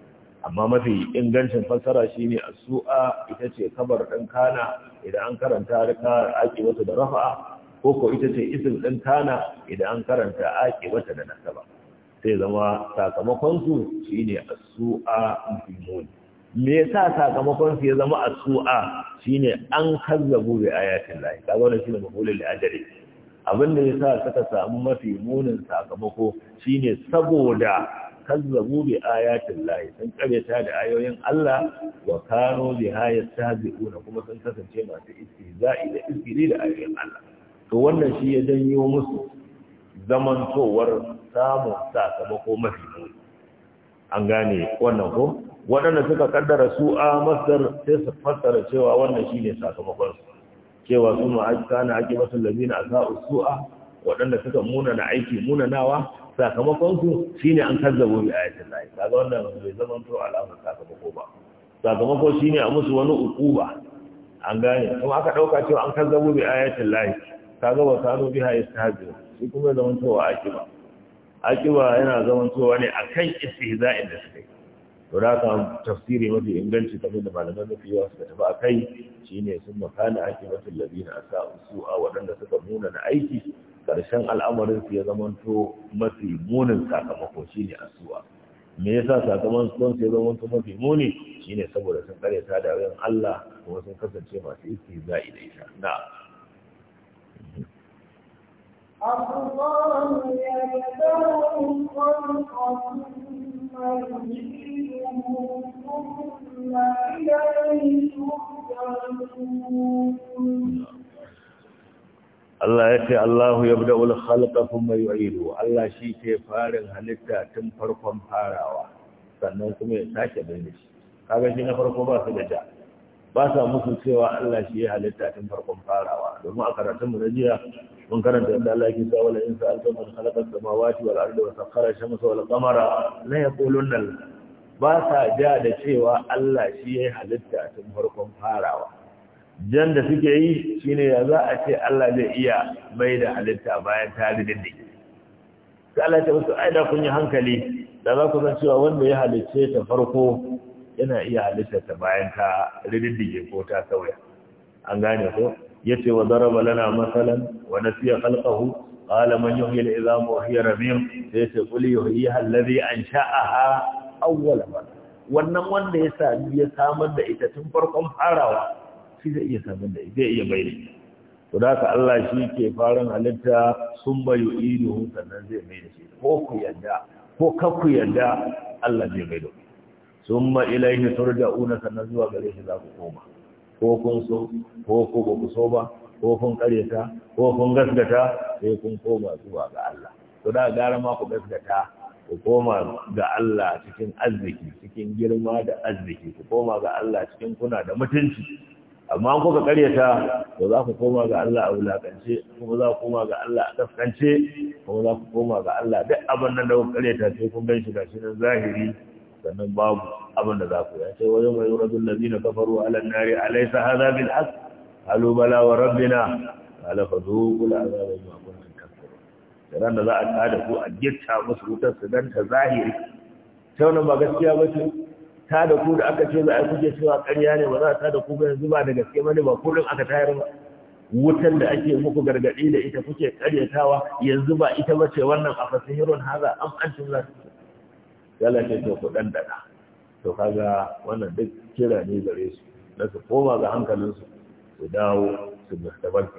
S2: amma mafi ingancin fassara shine as-su'a ita ce kabar din kana idan an karanta ka aki wata da rafa'a ko ko ita ce isim din kana idan an karanta aki wata da nasaba sai zama sakamakon su shine as-su'a mujmun me yasa sakamakon su ya zama asu'a? sua shine an kazzabu bi ayatin lahi kaga wannan shine mafulul ajri abin da ya sa suka samu mafi munin sakamako shine saboda kazzabu bi ayatin lahi sun karyata da ayoyin Allah wa kano bi yastahzi'una kuma sun kasance masu istiza'i da iskiri da ayoyin Allah
S1: to wannan shi
S2: ya janyo musu zamantowar samun sakamako mafi muni an gane wannan ko waɗanda suka kaddara su a masar sai su fassara cewa wannan shine sakamakon su cewa su ma'aika na ake masu lamina a sa'u su'a waɗanda suka munana aiki munanawa sakamakonsu shi ne an kazzabo bi ayatun layi kaga wannan bai zama to alamar sakamako ba sakamako shi ne a musu wani ukuba an gane kuma aka ɗauka cewa an kazzabo bi ayatun layi kaga wa kano biha yastahzi'u shi kuma zama to wa akiba akiba yana zama to ne akan istihza'in da suka yi to da ka tafsiri mafi inganci kamar da malaman mafi yawa suka tafi a kai shi ne sun makana ake mafi labina a sa a waɗanda suka muna na aiki ƙarshen al'amarin su ya zamanto mafi munin sakamako shine asu'a me yasa sakamakon su ya zamanto mafi muni Shi ne saboda sun karyata da ran Allah kuma sun kasance masu istihza'i da ita na'am
S1: الله يبدأ الخلق ثم يعيد
S2: Allah ya ce Allahu ya bada wani halka kuma wairu. Allah shi ke farin halitta tun farkon farawa sannan kuma ya sake bane shi kaga shi na farko ba su gaja ba sa musu cewa Allah shi ya halitta tun farkon farawa domin a karatun mu na jiya mun karanta yadda Allah yake sa wala insa alka man khalaqa samawati wal arda wa sakhara shamsa wal qamara la nan. ba sa ja da cewa Allah shi ya halitta tun farkon farawa jan da suke yi shine ya za a ce Allah zai iya mai da halitta bayan ta da ke. Allah ta musu aida kun yi hankali da za ku san cewa wanda ya halicce ta farko yana iya halitta ta bayan ta rididdige ko ta sauya an gane ko yace wa daraba lana masalan wa nasiya khalqahu qala man yuhyi al-izama wa hiya ramim sai yace yi yuhyiha alladhi ansha'aha awwala ba wannan wanda ya sami ya samar da ita tun farkon farawa shi zai iya samar da ita iya bai to da ka Allah shi ke farin halitta sun bayu ido sannan zai mai da shi ko ku yadda ko ka ku yadda Allah zai mai da ku sun ma ilaihi turja'una sannan zuwa gare shi za ku koma ko kun so ko ku ba ku so ba ko kun karyata ko kun gaskata sai kun koma zuwa ga Allah to da gara ma ku gaskata ku koma ga Allah cikin arziki cikin girma da arziki ku koma ga Allah cikin kuna da mutunci amma kuka karyata to za ku koma ga Allah a wulakance kuma za ku koma ga Allah a kaskance kuma za ku koma ga Allah duk abin nan da kuka karyata sai kun gan shi shi nan zahiri sannan babu abin da za ku ya ce wajen mai yuradun lazina kafaru ala nari alaysa hadha bil haqq qalu bala wa rabbina qala fadhuqul azaba ma da da za a kada ko a gitta musu wutar su dan ta zahiri ta wannan ba gaskiya ba ce ta da ku da aka ce za a kuje cewa ƙarya ne ba za ta da ku ba yanzu ba da gaske ba ne ba kullum aka tayar ba wutan da ake muku gargadi da ita kuke karyatawa, yanzu ba ita ba ce wannan a fasihirun haza an ƙancin za su Yalla ce to ku dan to kaga wannan duk kira ne gare su na su koma ga hankalinsu su dawo su mustabar su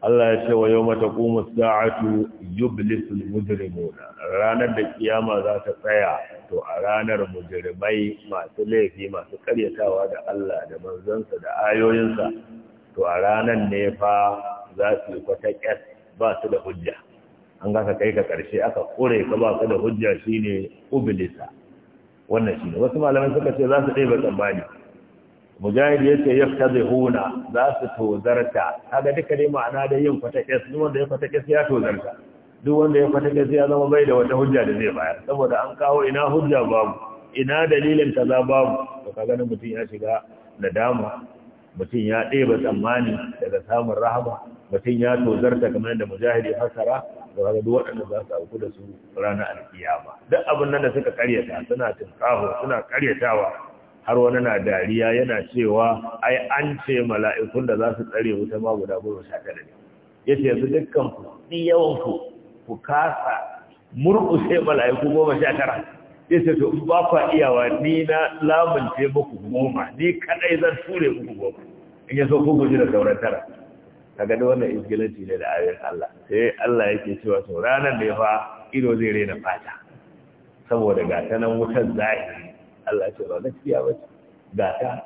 S1: Allah ya ce wa yau mata kuma sa'atu
S2: yublisul mujrimuna ranar da kiyama za ta tsaya to a ranar mujrimai masu laifi masu karyatawa da Allah da manzansa da ayoyinsa to a ranar ne fa za su yi kwata kyas ba su da hujja an gasa kai ka ƙarshe aka ƙure ka ba ka da hujja shine ublisa wannan shine wasu malamai suka ce za su ɗaya ba tsammani mujahid yace yaftazihuna za su tozarta kaga duka dai ma'ana da yin kwatakes duk wanda ya kwatakes ya tozarta duk wanda ya kwatakes ya zama bai da wata hujja da zai bayar saboda an kawo ina hujja babu ina dalilin kaza babu to kaga nan mutum ya shiga nadama mutum ya ɗeba tsammani daga samun rahama mutum ya tozarta kamar da mujahid ya fassara da kaga duk waɗanda za su auku da su ranar alkiyama duk abin nan da suka karyata suna tinkaho suna karyatawa har wani na dariya yana cewa ai an ce mala'ikun da za su tsare wuta ma guda goma sha tara ne ya ce yanzu dukkan ku ɗi yawan ku ku kasa murƙushe mala'iku goma sha tara ya ce to ba kwa iyawa ni na lamunce muku goma ni kaɗai zan ture muku goma in ya so ku guji da sauran tara ka gani wannan izgilanci ne da ayoyin Allah sai Allah yake cewa to ranar da ya fa ido zai raina fata saboda ga ta nan wutar zahiri Allah ce ba na ciya ba ce ga ta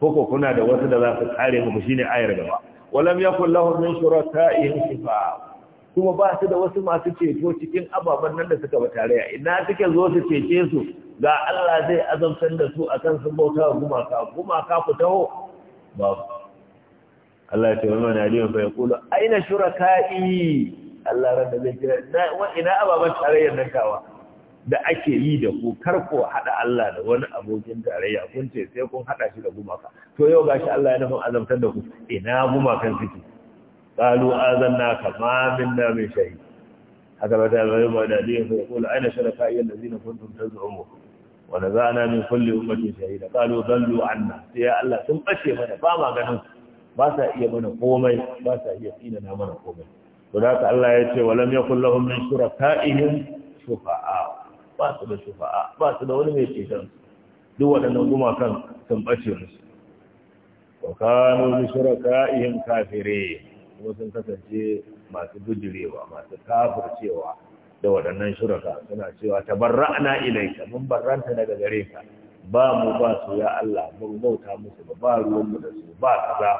S2: koko kuna da wasu da za su kare mu shine ayar gaba walam yakul lahum min shuraka'ihim shifa kuma ba su da wasu masu ceto cikin ababen nan da suka ba ya ina suke zo su cece su ga Allah zai azamtar da su akan sun bauta wa gumaka gumaka ku taho ba Allah ya ce wa mana aliyan fa yaqulu aina shuraka'i Allah ran da zai kira ina ababen tarayyan nan tawa da ake yi da ku kar haɗa Allah da wani abokin tarayya kun ce sai kun haɗa shi da gumaka to yau gashi Allah ya nufin azamtar da ku ina gumakan suke qalu azanna kama minna min shahid haka ba ta bayan ba da dai sai qul aina shuraka ayyul ladina kuntum taz'umu wa nazana min kulli ummatin shahida qalu dallu anna sai Allah sun bace mana ba ma ganin ba sa iya mana komai ba sa iya tsina mana komai to da Allah ya ce walam kulla lahum min shuraka'ihim shufa'a ba su da shufa'a ba su da wani mai ceton duk waɗannan gumakan sun ɓace musu wa kanu bi shuraka'ihim kafire kuma sun kasance masu bijirewa masu kafircewa da waɗannan shuraka suna cewa tabarra'na ilaika mun barranta daga gare ka ba mu ba su ya Allah mun bauta musu ba ba ruwan mu da su ba kaza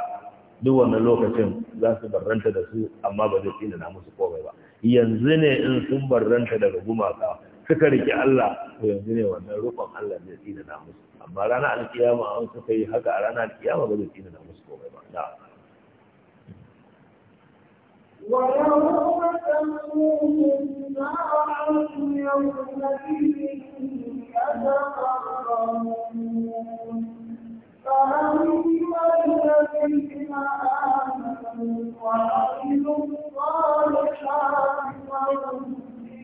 S2: duk wannan lokacin za su barranta da su amma ba zai tsina na musu komai ba yanzu ne in sun barranta daga gumaka suka rike Allah to yanzu ne wannan rukun Allah zai tsina na musu amma ranar alkiyama an suka yi haka a ranar alkiyama ba zai tsina na musu komai ba da
S1: ويوم تموت النار يومئذ يتفرقون فأما الذين آمنوا وعملوا الصالحات فهم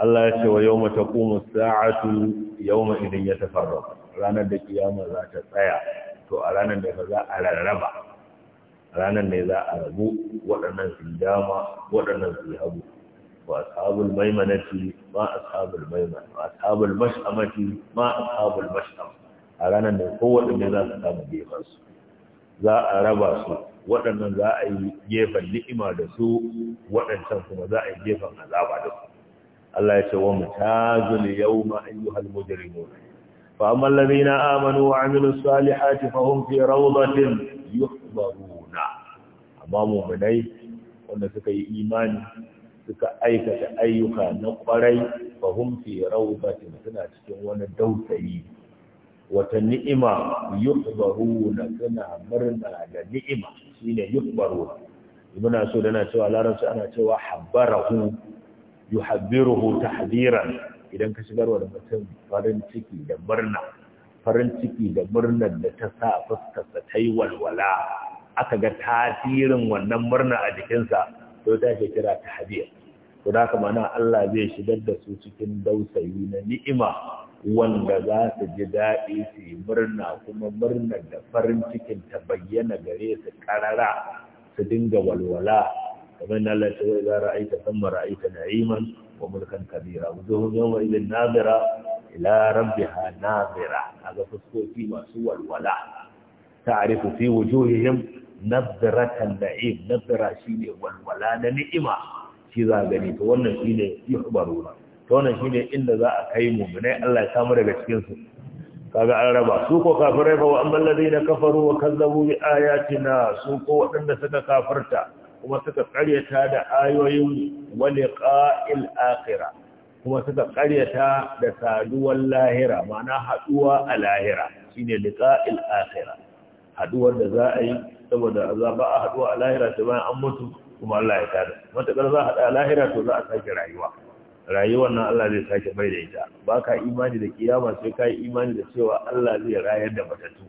S2: Allah ya ce wa yau mata kuma sa'atu yau ma idan ya tafarra ranar da kiyama za ta tsaya to a ranar da za a rarraba ranar ne za a rabu waɗannan su dama waɗannan su hagu wa ashabul maimanati ma ashabul maiman wa ashabul mash'amati ma ashabul mash'am a ranar da kowanne za su samu gefen su za a raba su waɗannan za a yi gefen ni'ima da su waɗancan kuma za a yi gefen azaba da su Allah ya ce wa mutazul yawma ayyuhal mujrimun fa ammal ladina amanu wa amilus salihati fahum fi rawdatin yuhbaruna amma mu'minai wanda suka yi imani suka aikata ayyuka na kwarai fahum fi rawdatin suna cikin wani dausayi wata ni'ima yuhbaruna suna murna da ni'ima shine yuhbaruna ibn so dana cewa larabci ana cewa habbarahu yuhabbiruhu tahdiran idan ka shigar da mutum farin ciki da murna farin ciki da murnar da ta sa fuskarsa ta yi walwala aka ga tasirin wannan murna a jikinsa to ta ke kira tahdir to da haka mana Allah zai shigar da su cikin dausayi na ni'ima wanda za su ji daɗi su yi murna kuma murnar da farin cikin ta bayyana gare su ƙarara su dinga walwala kamar yadda Allah ya ce idza ra'aita thumma ra'aita na'iman wa mulkan kabira wujuhun yawma idhin nadira ila rabbiha nadira kaga fuskoki masu walwala ta'rifu fi wujuhihim nadratan na'im nadra shine walwala na ni'ima shi za gani to wannan shine yuhbaruna to wannan shine inda za a kai mu ne Allah ya samu daga cikin su kaga an su ko kafirai fa wa amman ladina kafaru wa kazzabu bi ayatina su ko wadanda suka kafirta kuma suka karyata da ayoyin wani akira kuma suka karyata da saduwar lahira mana haɗuwa a lahira ne liqa'il akhirah haduwar da za a yi saboda ba a haɗuwa a lahira ta bayan an mutu kuma Allah ya tada matakar za a a lahira to za a sake rayuwa rayuwar nan Allah zai sake mai da ita baka imani da kiyama sai ka yi imani da cewa Allah zai rayar da matattu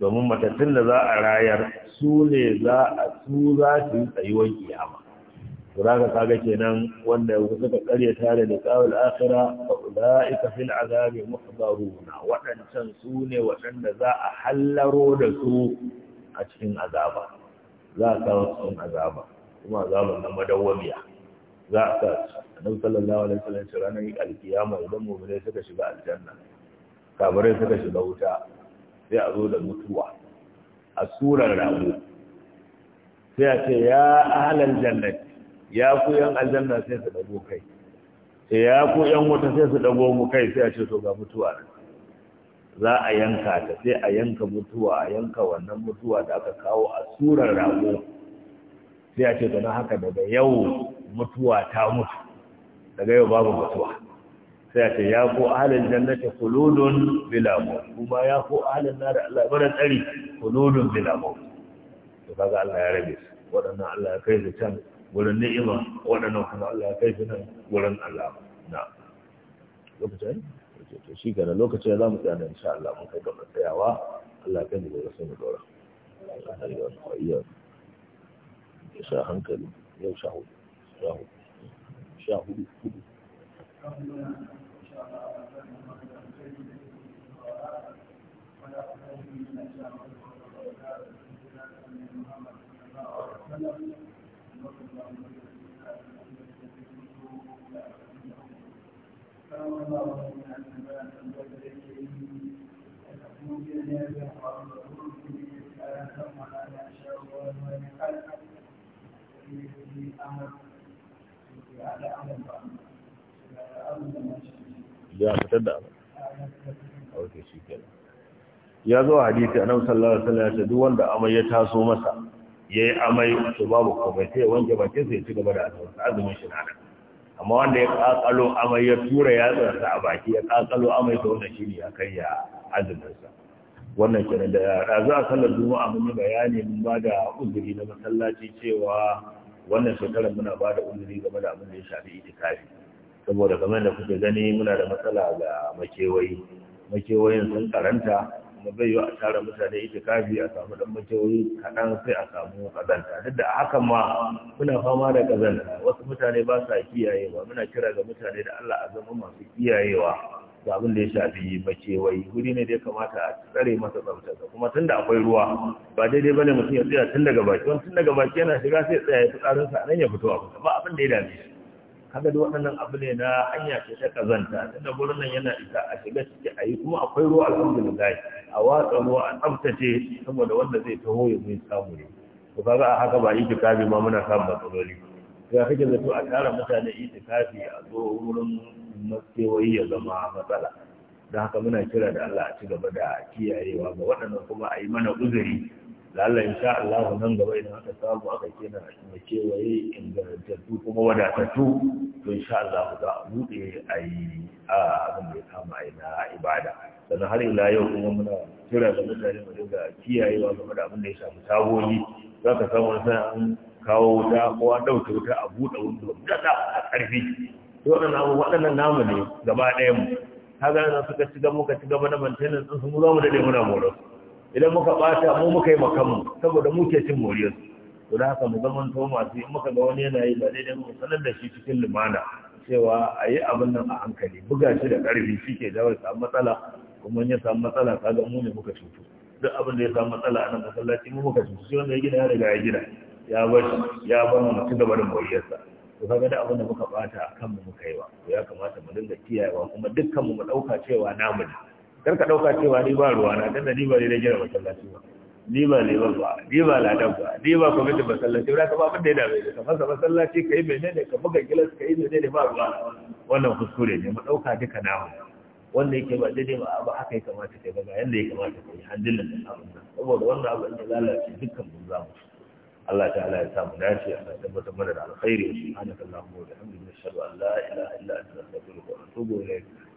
S2: domin matattun da za a rayar su ne za a su za su yi tsayuwar kiyama kura ga ka kaga kenan wanda suka karya tare da kawul akhira fa ulaika fil azabi muhdaruna Waɗancan su ne waɗanda za a hallaro da su a cikin azaba za a kawo cikin azaba kuma azaba na madawwamiya za a sa annabi sallallahu alaihi wasallam ranar alkiyama idan mu'minai suka shiga aljanna kabarai suka shiga wuta sai a zo da mutuwa a surar rago sai a ce ya ahalar jannati ya ku yan aljanna sai su dago kai sai ya ku yan wuta sai su dago mu kai sai a ce so ga mutuwa za a yanka ta sai a yanka mutuwa a yanka wannan mutuwa da aka kawo a surar rago sai a ce to haka daga yau mutuwa ta mutu daga yau babu mutuwa sai a ce ya ko ahalin jannata kuludun bila maut kuma ya ko ahalin nar Allah bara tsari kuludun bila maut to kaga Allah ya rabe su waɗannan Allah ya kai su can wurin ni'ima waɗannan kuma Allah ya kai su nan wurin Allah na lokacin to shi kenan lokacin za mu tsaya insha Allah mun kai gaba tsayawa Allah kan da zai sani dora ya sha hankali yau sha hudu sha hudu sha hudu
S1: على أمر
S2: ya fitar da abu ok shi nan ya zo a annabi sallallahu alaihi wasallam ya ce duk wanda amai ya taso masa ya yi amai su babu komai sai wanke bakin sai ya ci gaba da azumin shi na amma wanda ya kakalo amai ya tura yatsarsa a baki ya kakalo amai ta wanda shi ne ya kai ya azumin sa wannan kira da razu a sallar juma'a mun yi bayani mun ba da uzuri na masallaci cewa wannan shekarar muna ba da uzuri game da abin da ya shafi itikafi saboda kamar da kuke gani muna da matsala ga makewayi makewayin sun karanta kuma bai yi a tara mutane ita kafi a samu dan makewayi kaɗan sai a samu kazanta duk da hakan ma muna fama da kazanta wasu mutane ba sa kiyayewa muna kira ga mutane da Allah a zama masu kiyayewa ga abin da ya shafi makewayi guri ne da ya kamata a tsare masa tsaftarsa kuma tun da akwai ruwa ba daidai bane mutum ya tsaya tun daga baki wani tun daga baki yana shiga sai ya tsaya ya fi tsarinsa nan ya fito a kusa ba abin da ya dame shi kaga da waɗannan abu ne na hanya ce ta kazanta tunda gurin nan yana isa a shiga ciki a yi kuma akwai ruwa alhamdulillah a watsa ruwa a tsaftace saboda wanda zai taho ya zai samu ne to kaga a haka ba itikafi ma muna samun matsaloli ya kake zato a tara mutane yi itikafi a zo wurin matsewayi ya zama matsala don haka muna kira da Allah a ci gaba da kiyayewa ga waɗannan kuma a yi mana uzuri in insha Allah nan gaba idan aka samu aka kena da kewaye ingantattu kuma wadatattu to sha Allah za a buɗe a yi a abin da ya kama a na ibada daga har ila yau kuma muna kira ga mutane mu dinga kiyayewa game da abin da ya samu tagogi za ka samu wani an kawo wuta ko ɗauke wuta a buɗe wuta gaza a ƙarfi to waɗannan namu ne gaba ɗaya mu kaga nan suka ci muka ci gaba da mantenan sun mu za mu daɗe muna moro idan muka bata mu muka yi makamu saboda muke cin moriyar to da haka mu zaman to masu in muka ga wani yana yi ba daidai mu sanar da shi cikin lumana cewa a yi abin nan a hankali buga shi da ƙarfi shi ke jawo samu matsala kuma ya samu matsala ga mu ne muka cutu duk abin da ya samu matsala a nan masallaci mu muka cutu shi wanda ya gina ya riga ya gina ya bar ya bar mu ci gaba da moriyarsa to kaga da abin da muka bata kanmu mu muka yi wa ya kamata mu dinga kiyayewa kuma dukkan mu mu dauka cewa namu ne kar ka dauka cewa ni ba ruwa na tunda ni ba ne jira masallaci ba ni ba ne ba ni ba la ba ni ba kwamitin masallaci ba ka ba abin da ya dame ka fasa masallaci kai menene ka buga gilas kai menene ba ruwa wannan kuskure ne mu dauka duka namu wanda yake ba dai-dai ba abu haka ya kamata kai ba ga yanda ya kamata kai handilin da abin saboda wannan abu ya lalace dukkan mun mu Allah ta'ala ya samu dace Allah ya tabbatar mana da alkhairi subhanakallahumma wa bihamdika nashhadu an la ilaha illa anta astaghfiruka wa atubu ilayk